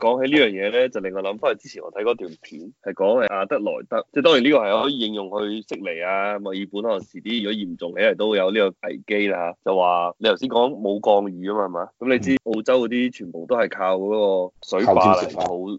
講起呢樣嘢咧，就令我諗翻去之前我睇嗰段片，係講係阿德萊德，即係當然呢個係可以應用去悉尼啊、墨爾本啊時啲，如果嚴重起嚟，都會有呢個危機啦嚇。就話你頭先講冇降雨啊嘛，係嘛？咁你知澳洲嗰啲全部都係靠嗰個水壩嚟儲儲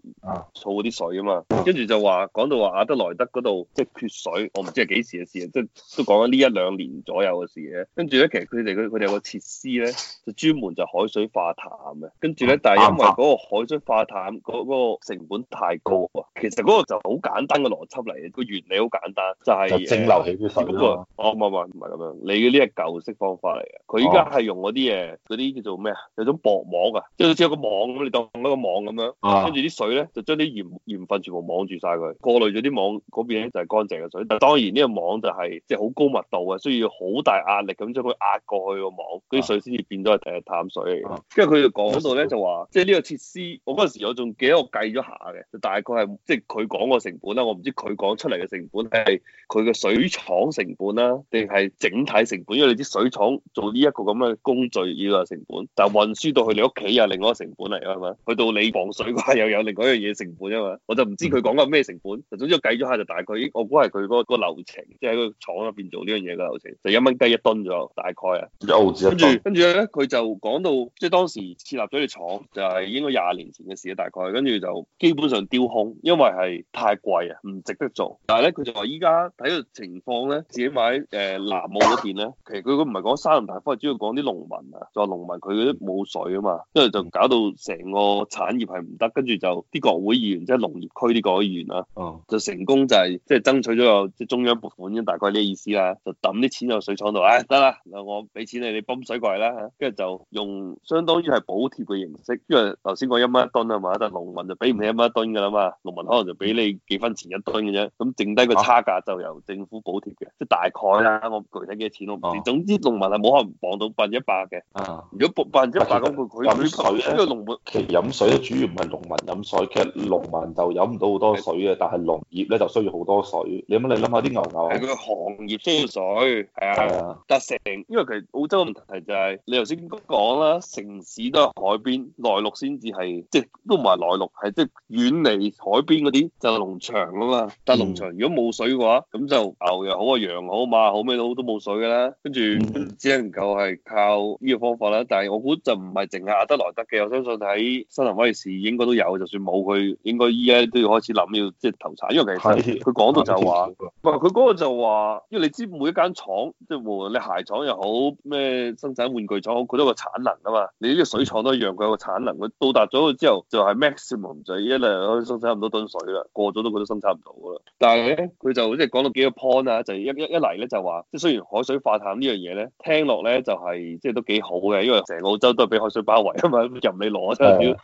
嗰啲水啊嘛。跟住就話講到話阿德萊德嗰度即係缺水，我唔知係幾時嘅事，即都講緊呢一兩年左右嘅事嘅。跟住咧，其實佢哋佢哋有個設施咧，就專門就海水化淡嘅。跟住咧，但係因為嗰個海水化淡嗰個成本太高啊！其實嗰個就好簡單嘅邏輯嚟，嘅。個原理好簡單，就係蒸餾起啲水咯。唔唔唔，唔係咁樣，你嘅呢係舊式方法嚟嘅。佢依家係用嗰啲嘢，嗰啲叫做咩啊？有種薄網啊，即係好似有個網咁，你當一個網咁樣，跟住啲水咧就將啲鹽鹽分全部網住晒佢，過濾咗啲網嗰邊咧就係乾淨嘅水。但係當然呢個網就係即係好高密度嘅，需要好大壓力咁將佢壓過去個網，啲水先至變咗係淡水嚟。嘅。跟住佢哋講到咧就話，即係呢個設施，我嗰陣時我仲記得我計咗下嘅，就大概係即係佢講個成本啦。我唔知佢講出嚟嘅成本係佢嘅水廠成本啦，定係整體成本？因為你啲水廠做呢一個咁嘅工序要有成本，但係運輸到去你屋企又另外一個成本嚟啊嘛。去到你晾水瓜又有另外一樣嘢成本啊嘛。我就唔知佢講緊咩成本。就總之我計咗下就大概，我估係佢嗰個流程，即係喺個廠入邊做呢樣嘢嘅流程，就一蚊雞一噸咗，大概啊。跟住，跟住咧，佢就講到即係、就是、當時設立咗啲廠，就係、是、應該廿年前嘅事。大概跟住就基本上丟空，因為係太貴啊，唔值得做。但係咧，佢就話依家睇個情況咧，自己買誒、呃、南澳嗰邊咧，其實佢佢唔係講沙龍大峯，主要講啲農民啊，就話農民佢嗰啲冇水啊嘛，跟住就搞到成個產業係唔得，跟住就啲國會議員，即、就、係、是、農業區啲國會議員啦、啊，就成功就係即係爭取咗個即係中央撥款，大概呢個意思啦，就揼啲錢入水廠度，誒得啦，嗱我俾錢你，你泵水過嚟啦，跟住就用相當於係補貼嘅形式，因為頭先講一蚊一噸買得農民就俾唔起一蚊一噸噶啦嘛，嗯、農民可能就俾你幾分錢一噸嘅啫，咁剩低個差價就由政府補貼嘅，即係大概啦、啊。我具體幾多錢都唔知。總之農民係冇可能望到百分之百嘅。啊！如果百分之百咁，佢佢飲水咧，因為農民、啊啊啊、其飲水咧主要唔係農民飲水，其實農民就飲唔到好多水嘅，但係農業咧就需要好多水。你諗你諗下啲牛牛，係佢個行業需要水是是是、啊但，係啊，但係成因為其實澳洲嘅問題就係你頭先講啦，城市都係海邊，內陸先至係即係。都唔係內陸，係即係遠離海邊嗰啲就是、農場啦嘛。但係農場如果冇水嘅話，咁就牛又好、羊好、馬好，咩都都冇水㗎啦。跟住、mm hmm. 只能夠係靠呢個方法啦。但係我估就唔係淨係阿德萊德嘅。我相信喺新南威士應該都有。就算冇佢，應該依家都要開始諗要即、就是、投產。因為其實佢講到就話，佢嗰的個就話，因為你知每一間廠，即係無論你鞋廠又好咩生產玩具廠好，佢都有個產能啊嘛。你呢個水廠都一樣，佢有個產能。佢到達咗之後。就係 maximum 一嚟可以生產差唔多噸水啦，過咗都佢都生產唔到噶啦。但係咧，佢就即係講到幾個 point 啊，就一一一嚟咧就話，即係雖然海水化淡呢樣嘢咧，聽落咧就係即係都幾好嘅，因為成澳洲都係被海水包圍啊嘛，任你攞。啊真係啊，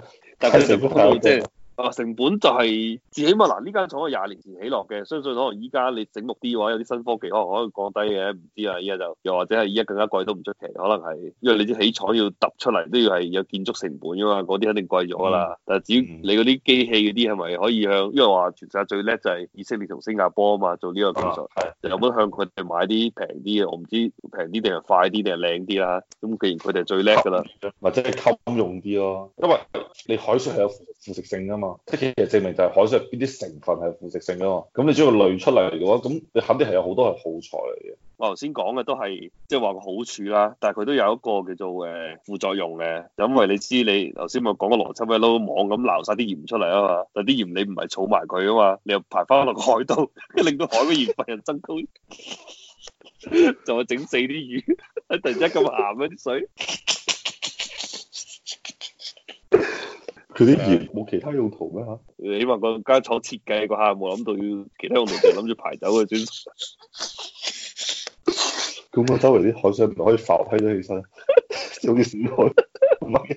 啊但係佢哋冇啫。的成本就係至起碼嗱，呢間廠喺廿年前起落嘅，相信可能依家你醒目啲嘅話，有啲新科技可能可以降低嘅，唔知啊，依家就又或者係依家更加貴都唔出奇，可能係因為你啲起廠要揼出嚟都要係有建築成本噶嘛，嗰啲肯定貴咗㗎啦。嗯、但係至要你嗰啲機器嗰啲係咪可以向，因為話全世界最叻就係以色列同新加坡啊嘛，做呢個技術，有冇、啊、向佢哋買啲平啲嘅？我唔知平啲定係快啲定係靚啲啊？咁既然佢哋最叻㗎啦，或者係襟用啲咯，因為你海水係有腐蝕性㗎嘛。即係其實證明就係海水入邊啲成分係腐蝕性啊嘛，咁你只要濾出嚟嘅話，咁你肯定係有好多係好材嚟嘅。我頭先講嘅都係即係話個好處啦、啊，但係佢都有一個叫做誒、呃、副作用嘅，就因為你知你頭先咪講個羅輯威撈網咁撈晒啲鹽出嚟啊嘛，但啲鹽你唔係儲埋佢啊嘛，你又排翻落個海度，令到海嘅鹽分又增高，就會整死啲魚，突然之間咁鹹啲水。佢啲鹽冇其他用途咩嚇？你話個間廠設計個客冇諗到要其他用途，就諗住排走嘅啫。咁 我周圍啲海水咪可以浮起咗起身，仲要閃海唔係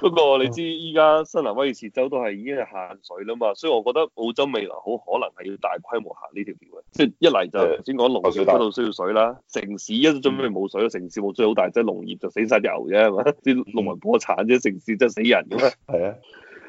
不過你知依家新南威爾士州都係已經係限水啦嘛，所以我覺得澳洲未來好可能係要大規模行呢條橋嘅。即係一嚟就頭先講農業嗰度需要水啦，城市都準備冇水，城市冇水好大，即係農業就死晒油啫，係嘛，啲農民破產啫，城市真係死人咁咩？係啊。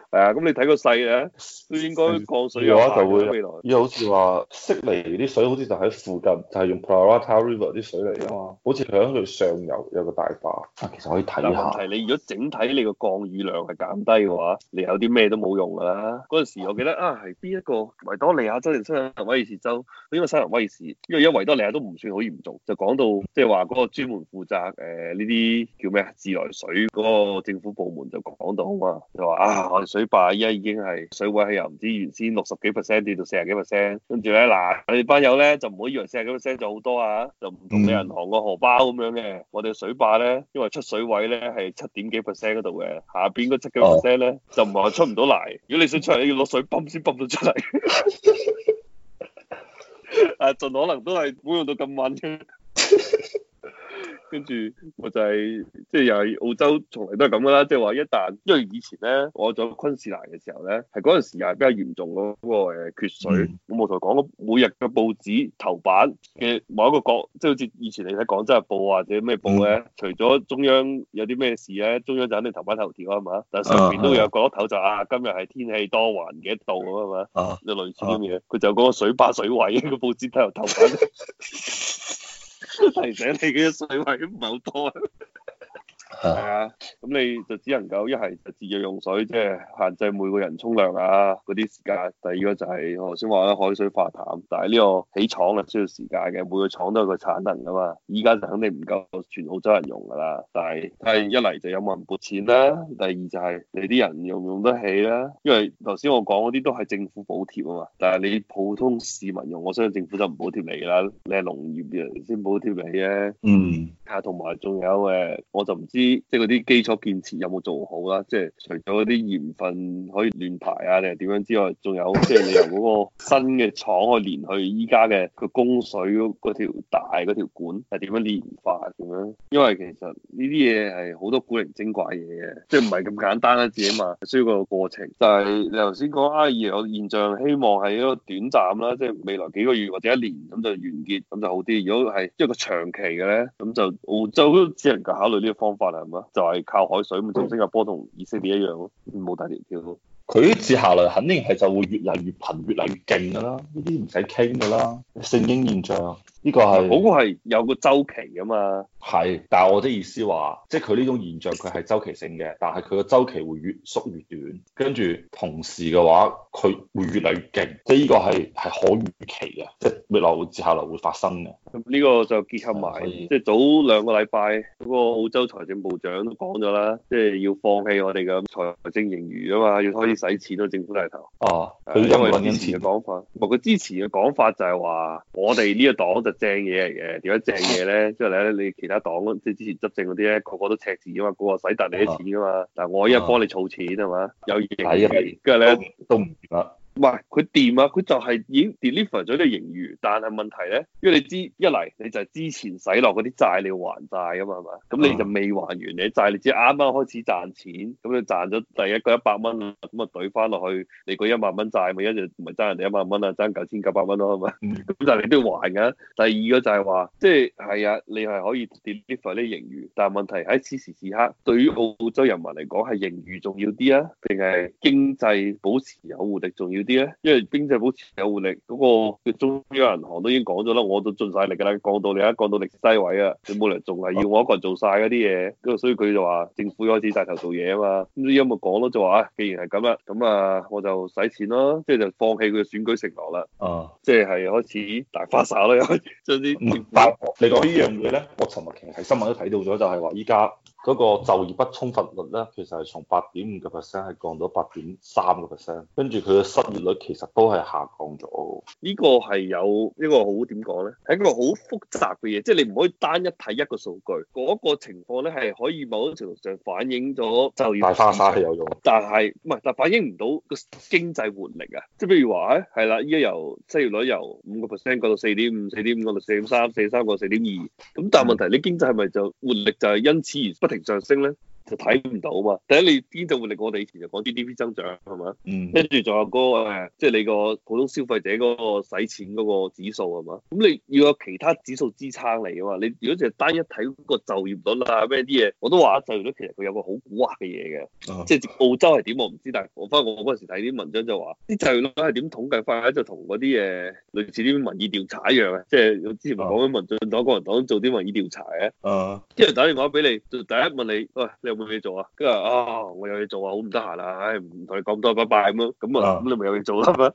係啊，咁你睇個細呢，都應該降水嘅話就會，依好似話悉尼啲水好似就喺附近，就係、是、用 Parramatta River 啲水嚟啊嘛，好似響佢上游有個大壩。啊，其實可以睇下。但問題你如果整體你個降雨量係減低嘅話，你有啲咩都冇用噶啦。嗰陣時我記得啊，係邊一個維多利亞州定新南威爾士州？因個新南威爾士，因為因維多利亞都唔算好嚴重，就講到即係話嗰個專門負責誒呢啲叫咩啊自來水嗰個政府部門就講到啊就話啊。啊啊水壩依家已經係水位係由唔知原先六十幾 percent 跌到四十幾 percent，跟住咧嗱，我哋班友咧就唔好以以為四十幾 percent 就好多啊，就唔同你銀行個荷包咁樣嘅。嗯、我哋水壩咧，因為出水位咧係七點幾 percent 嗰度嘅，下邊嗰七幾 percent 咧、oh。就唔係話出唔到嚟。如果你想出嚟，你要落水泵先泵到出嚟。啊， 盡可能都係冇用到咁猛嘅。跟住我就係、是、即係又係澳洲，從嚟都係咁噶啦。即係話一旦，因為以前咧，我喺昆士蘭嘅時候咧，係嗰陣時係比較嚴重嗰個誒缺水。咁、嗯、我同佢講，每日嘅報紙頭版嘅某一個角，即係好似以前你睇廣州日報或者咩報咧、啊，嗯、除咗中央有啲咩事咧、啊，中央就肯定頭版頭條啊嘛。但係上邊都有角落頭就說啊，啊啊啊今日係天氣多雲幾度咁啊嘛。就類似咁嘅，佢、啊、就講個水壩水位，個報紙喺度頭版。 提醒你嘅水位唔係好多。係 Yeah. 啊，咁你就只能夠一係就節約用水，即係限制每個人沖涼啊嗰啲時間。第二個就係、是、我頭先話啦，海水淡化，但係呢個起廠啊需要時間嘅，每個廠都有個產能噶嘛。依家就肯定唔夠全澳洲人用噶啦。但係一嚟就有冇人撥錢啦、啊，第二就係你啲人用唔用得起啦，因為頭先我講嗰啲都係政府補貼啊嘛。但係你普通市民用，我相信政府就唔補貼你啦，你係農業人先補貼你啫、啊。嗯、mm. 啊，嚇，同埋仲有誒，我就唔知。即係嗰啲基礎建設有冇做好啦？即係除咗嗰啲鹽分可以亂排啊，定係點樣之外，仲有即係你由嗰個新嘅廠去連去依家嘅個供水嗰條大嗰條管係點樣連法咁樣？因為其實呢啲嘢係好多古靈精怪嘢嘅，即係唔係咁簡單啦，至嘛，需要個過,過程。就係你頭先講啊，而有現象，希望係一個短暫啦，即係未來幾個月或者一年咁就完結咁就好啲。如果係一個長期嘅咧，咁就澳洲都只能夠考慮呢個方法就係靠海水，咁同新加坡同以色列一樣咯，冇大裂條。佢接下來肯定係就會越嚟越頻，越嚟越勁㗎啦，呢啲唔使傾㗎啦，聖嬰現象。呢個係嗰個係有個周期㗎嘛，係，但係我啲意思話，即係佢呢種現象佢係周期性嘅，但係佢個周期會越縮越短，跟住同時嘅話，佢會越嚟越勁，即係呢個係係可預期嘅，即係未來接下來會發生嘅。咁呢個就結合埋，即係早兩個禮拜嗰個澳洲財政部長都講咗啦，即係要放棄我哋嘅財政盈餘啊嘛，要開始使錢到政府大頭。哦、啊，佢因為之前嘅講法，唔係佢之前嘅講法就係話，我哋呢個黨就正嘢嚟嘅，點解正嘢咧？即係咧，你其他黨，即係之前執政嗰啲咧，個個都赤字啊嘛，個個使大你啲錢啊嘛，但係我依家幫你儲錢，係嘛、啊，有盈利，跟住咧都唔啦。喂，佢掂啊！佢就係已 deliver 咗啲盈餘，但係問題咧，因為你知一嚟你就係之前使落嗰啲債你要還債噶嘛是是，係嘛？咁你就未還完你債，你只係啱啱開始賺錢，咁你賺咗第一個一百蚊，咁啊懟翻落去你嗰一萬蚊債咪一陣唔係爭人哋一萬蚊啊，爭九千九百蚊咯，係咪？咁但係你都要還噶。第二個就係話，即係係啊，你係可以 deliver 啲盈餘，但係問題喺此時此刻，對於澳洲人民嚟講係盈餘重要啲啊，定係經濟保持有活力重要？啲咧，因為經濟保持有活力，嗰個嘅中央銀行都已經講咗啦，我都盡晒力㗎啦，降到你而家降到歷史低位啊，你冇理由仲係要我一個人做晒嗰啲嘢，咁所以佢就話政府開始帶頭做嘢啊嘛，咁所以咪講咯，就話既然係咁啦，咁啊我就使錢咯，即係就放棄佢嘅選舉承諾啦，啊，即係係開始大花灑咯，又開始將啲大。你講呢樣嘢咧， 我尋日其實喺新聞都睇到咗，就係話依家。嗰個就業不充分率咧，其實係從八點五個 percent 係降到八點三個 percent，跟住佢嘅失業率其實都係下降咗。這個、呢個係有一個好點講咧，係一個好複雜嘅嘢，即、就、係、是、你唔可以單一睇一個數據嗰、那個情況咧，係可以某程度上反映咗就業大花灑係有用但是，但係唔係？但反映唔到個經濟活力啊！即係譬如話咧，係啦，依家由失業率由五個 percent 降到四點五，四點五降到四點三，四點三降到四點二。咁但係問題，你經濟係咪就活力就係因此而不停？上升咧。就睇唔到嘛？第一，你經濟活令我哋以前就講 GDP 增長係嘛？是嗯。跟住仲有嗰個即係、就是、你個普通消費者嗰個使錢嗰個指數係嘛？咁你要有其他指數支撐嚟啊嘛？你如果淨係單一睇嗰個就業率啊咩啲嘢，我都話就業率其實佢有個好古惑嘅嘢嘅，啊、即係澳洲係點我唔知，但係我翻我嗰陣時睇啲文章就話啲就業率係點統計法咧，就同嗰啲誒類似啲民意調查一樣嘅，即係之前咪講緊民進黨、啊、國民黨做啲民意調查嘅，啊，一人打電話俾你，就第一問你喂、哎、你。冇嘢做啊，跟住啊，我有嘢做啊，好唔得閒啊，唉，唔同你講咁多，拜拜咁咯，咁啊，咁你咪有嘢做啦嘛，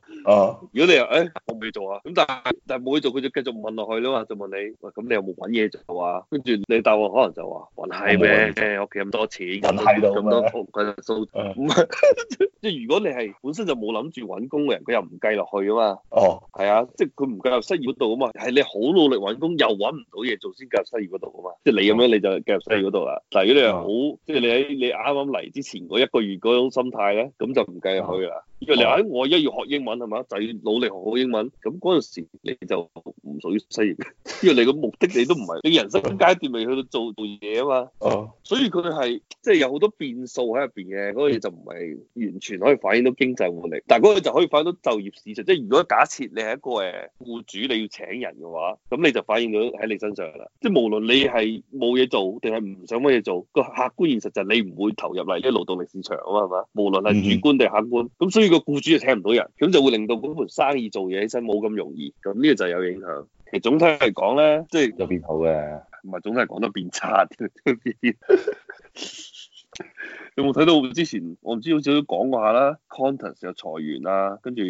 如果你話，唉，我冇嘢做啊，咁但係但係冇嘢做，佢就繼續問落去啦嘛，就問你，喂，咁你有冇揾嘢做啊？跟住你答話可能就話，還係咩？屋企咁多錢，還係咯，咁多唔即係如果你係本身就冇諗住揾工嘅人，佢又唔計落去啊嘛，哦，係啊，即係佢唔計入失業度啊嘛，係你好努力揾工又揾唔到嘢做先計入失業度啊嘛，即係你咁樣你就計入失業度啦，但如果你又好。你喺你啱啱嚟之前嗰一個月嗰種心態呢，咁就唔計入去啦。因為、嗯、你話我一要學英文係嘛，就係努力學好英文。咁嗰陣時候你就。唔屬於失業，因為你個目的你都唔係，你人生階段未去到做到嘢啊嘛，哦，所以佢係即係有好多變數喺入邊嘅，嗰個就唔係完全可以反映到經濟活力，但係嗰個就可以反映到就業市場。即係如果假設你係一個誒僱主，你要請人嘅話，咁你就反映到喺你身上啦。即係無論你係冇嘢做定係唔想乜嘢做，個客觀現實就係你唔會投入嚟啲勞動力市場啊嘛，係嘛？無論係主觀定客觀，咁所以個僱主就請唔到人，咁就會令到嗰盤生意做嘢起身冇咁容易，咁呢個就有影響。其實總體嚟講咧，即係都變好嘅，唔係總體嚟講都變差啲。有冇睇到之前我唔知好似都講過下啦，Contus 有裁員啦，跟住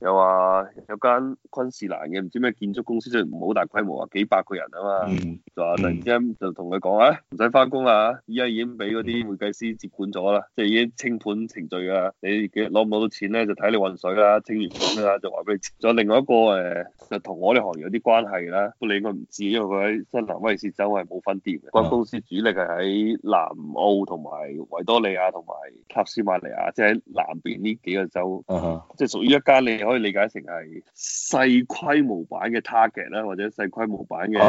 又話有間昆士蘭嘅唔知咩建築公司，真係唔好大規模啊，幾百個人啊嘛，嗯、就話突然之間就同佢講啊，唔使翻工啦，依家已經俾嗰啲會計師接管咗啦，即係已經清盤程序㗎，你幾攞唔攞到錢咧就睇你運水啦，清完盤啦就話俾你。仲有另外一個誒就同我哋行業有啲關係啦，不過你應該唔知，因為佢喺新南威士州係冇分店嘅，嗯、公司主力係喺南澳同埋維多。利亞同埋塔斯馬尼亞，即喺南邊呢幾個州，即係、uh huh. 屬於一間你可以理解成係細規模版嘅 target 啦，或者細規模版嘅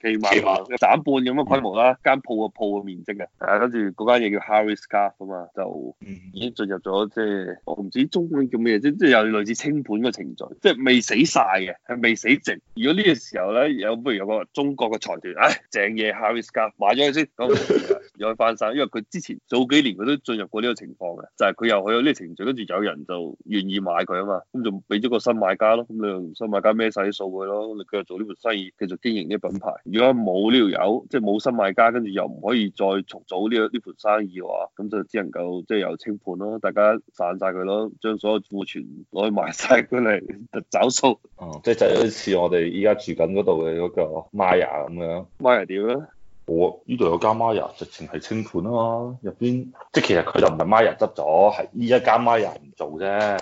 case 嘛，斬半咁嘅規模啦，uh huh. 間鋪嘅鋪嘅面積啊，誒、uh，跟住嗰間嘢叫 Harris Scarfe 啊嘛，就已經進入咗，即係我唔知中文叫咩嘢，即係又類似清盤嘅程序，即係未死晒嘅，係未死淨。如果呢個時候咧，有不如有個中國嘅財團，唉、哎，正嘢 Harris Scarfe 買咗佢先。 再翻晒，因為佢之前早幾年佢都進入過呢個情況嘅，就係佢又有呢個程序，跟住有人就願意買佢啊嘛，咁就俾咗個新買家咯，咁你用新買家孭晒啲數佢咯，咁你繼續做呢盤生意，繼續經營啲品牌。如果冇呢條友，即係冇新買家，跟住又唔可以再重組呢呢盤生意嘅話，咁就只能夠即係又清盤咯，大家散晒佢咯，將所有庫存攞去賣晒。佢嚟找數。哦，即係就好似我哋依家住緊嗰度嘅嗰個 Maya 咁樣。Maya 點咧？呢度有間 Maya 直情係清盤啊嘛，入邊即其實佢就唔係 Maya 執咗，係依一家 Maya 唔做啫。